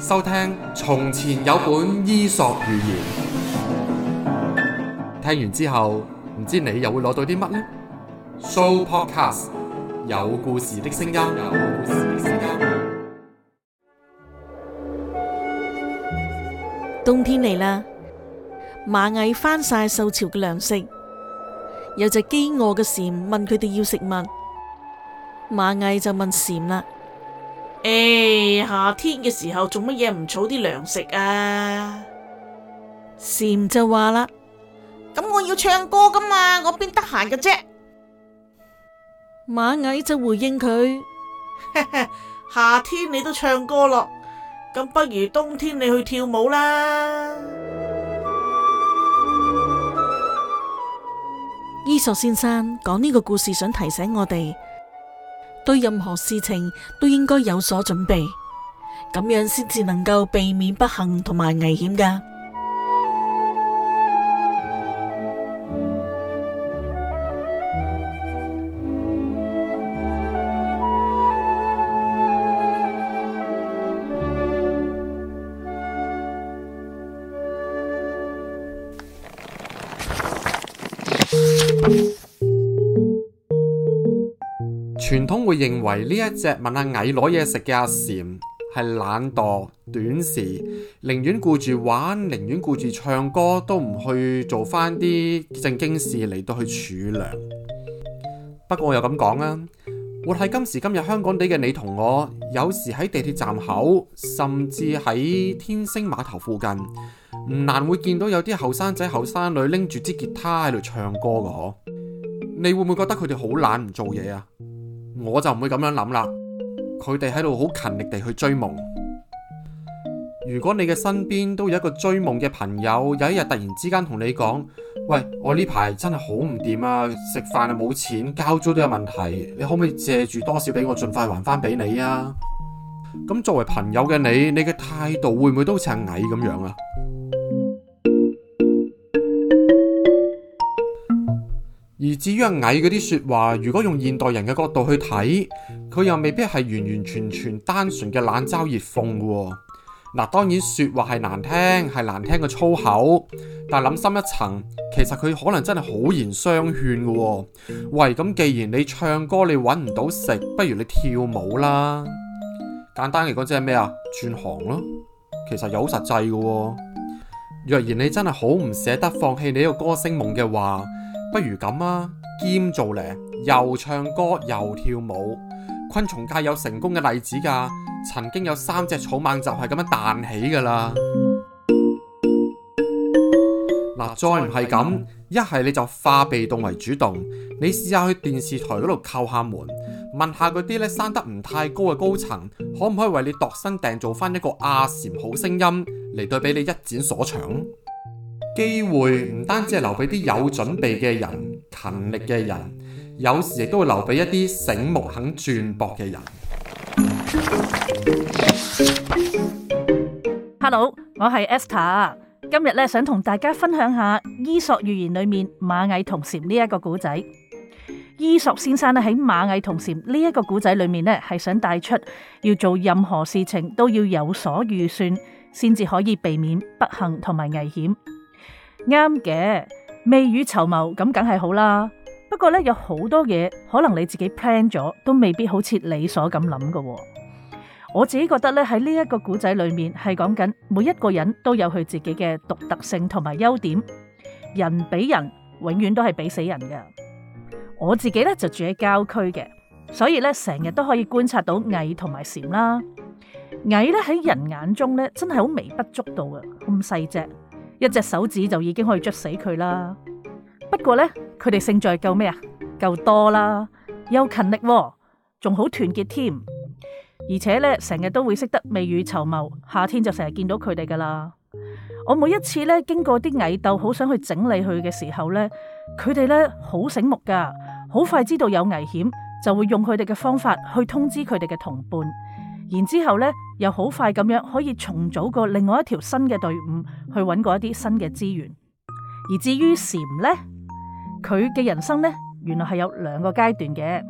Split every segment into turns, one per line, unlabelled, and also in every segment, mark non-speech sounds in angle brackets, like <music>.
收聽從前有本伊索寓言，聽完之後唔知你又會攞到啲乜呢？Sooopodcast，有故事的聲音。
冬天嚟啦，螞蟻翻晒受潮嘅糧食，有隻飢餓嘅蟬問佢哋要食物，螞蟻就問蟬啦。誒、哎，夏天嘅時候做乜嘢唔儲啲糧食啊？蟬就話啦，咁我要唱歌噶嘛，我邊得閒嘅啫。螞蟻就回應佢， <laughs> 夏天你都唱歌咯，咁不如冬天你去跳舞啦。伊索先生講呢個故事，想提醒我哋。對任何事情都應該有所準備，咁樣先至能夠避免不幸同埋危險㗎。
會認為呢一隻問，問阿蟻攞嘢食嘅阿蟬係懶惰、短視，寧願顧住玩，寧願顧住唱歌，都唔去做翻啲正經事嚟到去儲糧。不過我又咁講啊，活喺今時今日香港地嘅你同我，有時喺地鐵站口，甚至喺天星碼頭附近，唔難會見到有啲後生仔後生女拎住支吉他喺度唱歌噶。你會唔會覺得佢哋好懶唔做嘢啊？我就唔會咁樣諗啦，佢哋喺度好勤力地去追夢。如果你嘅身邊都有一個追夢嘅朋友，有一日突然之間同你講：喂，我呢排真係好唔掂啊，食飯啊冇錢，交租都有問題，你可唔可以借住多少俾我，盡快還翻俾你啊？咁作為朋友嘅你，你嘅態度會唔會都好似係蟻咁樣啊？而至於蟻嗰啲説話，如果用現代人嘅角度去睇，佢又未必係完完全全單純嘅冷嘲熱諷㗎喎。嗱，當然説話係難聽，係難聽嘅粗口，但諗深一層，其實佢可能真係好言相勸嘅喎。喂，咁既然你唱歌你揾唔到食，不如你跳舞啦。簡單嚟講，即係咩啊？轉行咯。其實有實際嘅喎。若然你真係好唔捨得放棄你呢個歌星夢嘅話，不如咁啊，兼做咧，又唱歌又跳舞，昆蟲界有成功嘅例子噶，曾經有三隻草蜢就係咁樣彈起噶啦。嗱、啊，再唔係咁，一係、啊、你就化被動為主動，你試下去電視台嗰度叩下門，問下嗰啲咧生得唔太高嘅高層，可唔可以為你度身訂造翻一個阿蟬好聲音嚟對比你一展所長？機會唔單止係留俾啲有準備嘅人，勤力嘅人，有時亦都會留俾一啲醒目肯轉博嘅人。
Hello，我係 Esther，今日咧想同大家分享下《伊索寓言》裏面螞蟻同蟬呢一個古仔。伊索先生咧喺螞蟻同蟬呢一個古仔裏面咧係想帶出要做任何事情都要有所預算，先至可以避免不幸同埋危險。啱嘅，未雨綢繆咁梗係好啦。不過咧，有好多嘢，可能你自己 plan 咗，都未必好似你所咁諗噶。我自己覺得咧，喺呢一個故仔裏面係講緊每一個人都有佢自己嘅獨特性同埋優點。人比人，永遠都係比死人噶。我自己咧就住喺郊區嘅，所以咧成日都可以觀察到蟻同埋蟬啦。蟻咧喺人眼中咧真係好微不足道啊，咁細隻。一隻手指就已經可以捽死佢啦。不過呢，佢哋勝在夠咩啊？夠多啦，又勤力，仲好團結添。而且呢，成日都會識得未雨綢繆，夏天就成日見到佢哋噶啦。我每一次呢，經過啲蟻竇，好想去整理佢嘅時候呢，佢哋呢好醒目噶，好快知道有危險，就會用佢哋嘅方法去通知佢哋嘅同伴。然之後咧，又好快咁樣可以重組過另外一條新嘅隊伍，去揾過一啲新嘅資源。而至於蟬呢，佢嘅人生呢，原來係有兩個階段嘅。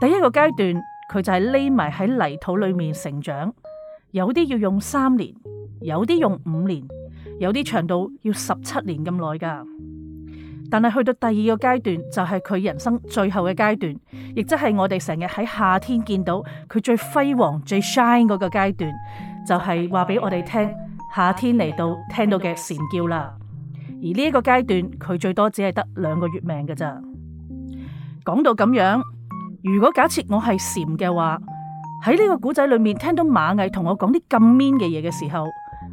第一個階段，佢就係匿埋喺泥土裏面成長，有啲要用三年，有啲用五年，有啲長到要十七年咁耐㗎。但係去到第二個階段，就係佢人生最後嘅階段，亦即係我哋成日喺夏天見到佢最輝煌、最 shine 嗰個階段，就係話俾我哋聽夏天嚟到聽到嘅蟬叫啦。而呢一個階段，佢最多只係得兩個月命噶咋。講到咁樣，如果假設我係蟬嘅話，喺呢個古仔裏面聽到螞蟻同我講啲咁 mean 嘅嘢嘅時候，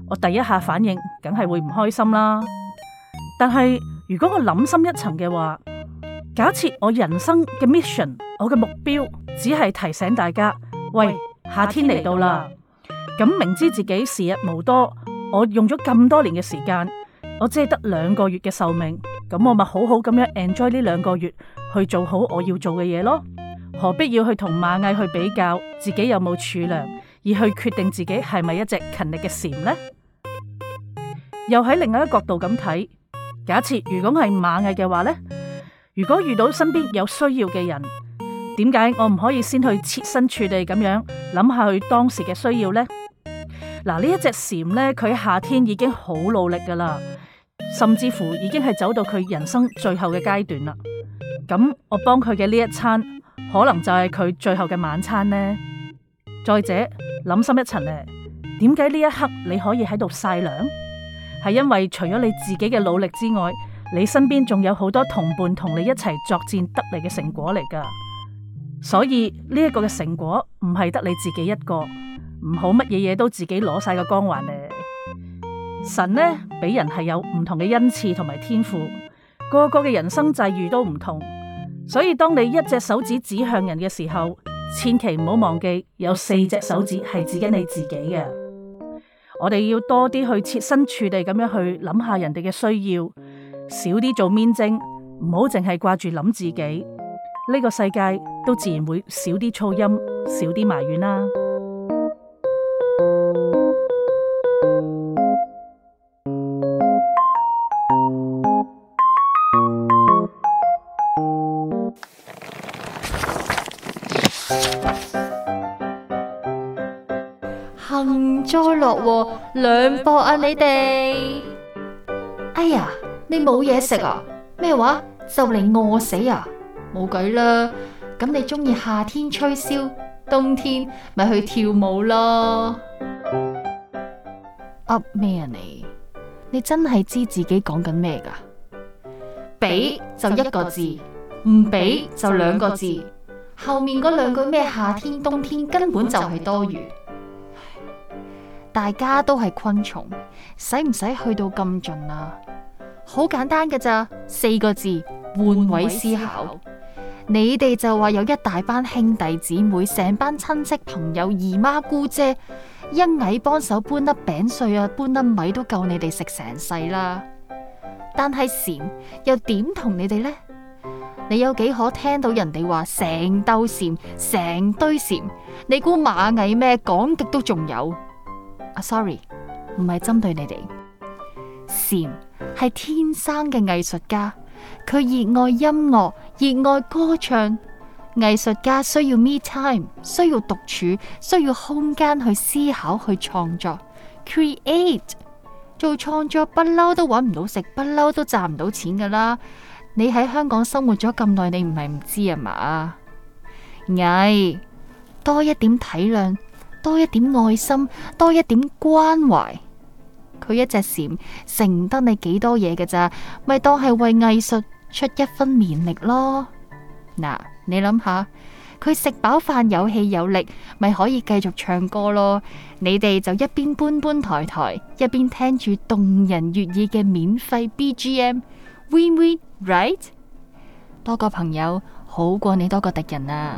我第一下反應梗係會唔開心啦。但係，如果我諗深一層嘅話，假設我人生嘅 mission，我嘅目標，只係提醒大家：喂，夏天嚟到啦！咁明知自己時日無多，我用咗咁多年嘅時間，我只係得兩個月嘅壽命，咁我咪好好咁樣 enjoy 呢兩個月，去做好我要做嘅嘢咯？何必要去同螞蟻去比較自己有冇儲糧，而去決定自己係咪一隻勤力嘅蟬呢？又喺另一角度咁睇。假設如果係螞蟻嘅話呢，如果遇到身邊有需要嘅人，點解我唔可以先去設身處地咁樣諗下佢當時嘅需要呢？嗱，呢一隻蟬呢，佢夏天已經好努力噶啦，甚至乎已經係走到佢人生最後嘅階段啦。咁我幫佢嘅呢一餐，可能就係佢最後嘅晚餐呢。再者，諗深一層呢，點解呢一刻你可以喺度晒涼？係因為除咗你自己嘅努力之外，你身邊仲有好多同伴同你一齊作戰得嚟嘅成果嚟噶，所以呢一個嘅成果唔係得你自己一個，唔好乜嘢嘢都自己攞晒個光環咧。神呢，俾人係有唔同嘅恩賜同埋天賦，個個嘅人生際遇都唔同，所以當你一隻手指指向人嘅時候，千祈唔好忘記有四隻手指係指緊你自己嘅。我哋要多啲去設身處地咁樣去諗下人哋嘅需要，少啲做面精，唔好淨係掛住諗自己，呢個世界都自然會少啲噪音，少啲埋怨啦。
多樂兩博啊！你哋哎呀，你冇嘢食啊？咩話？就嚟餓死啊？冇計啦！咁你中意夏天吹簫，冬天咪去跳舞咯？噏咩啊你？你真係知自己講緊咩噶？
俾就一個字，唔俾就兩個字，
後面嗰兩句咩夏天冬天根本就係多餘。大家都係昆蟲，使唔使去到咁盡啊？好簡單㗎咋，四個字換位思考。思考你哋就話有一大班兄弟姊妹，成班親戚朋友，姨媽姑姐，一蟻幫手搬粒餅碎啊，搬粒米都夠你哋食成世啦。但係蟬又點同你哋呢？你有幾可聽到人哋話成兜蟬，成堆蟬？你估螞蟻咩？講極都仲有。Sorry，唔係針對你哋。蟬係天生嘅藝術家，佢熱愛音樂，熱愛歌唱。藝術家需要 me time，需要獨處，需要空間去思考，去創作。Create 做創作不嬲都揾唔到食，賺不嬲都賺唔到錢噶啦。你喺香港生活咗咁耐，你唔係唔知啊嘛。蟻多一點體諒。多一點愛心，多一點關懷。佢一隻蟬，承得你幾多嘢嘅咋？咪當係為藝術出一分勉力咯。嗱，你諗下，佢食飽飯有氣有力，咪可以繼續唱歌咯。你哋就一邊搬搬抬抬，一邊聽住動人悅耳嘅免費 BGM，Win Win Right。多個朋友好過你多個敵人啊！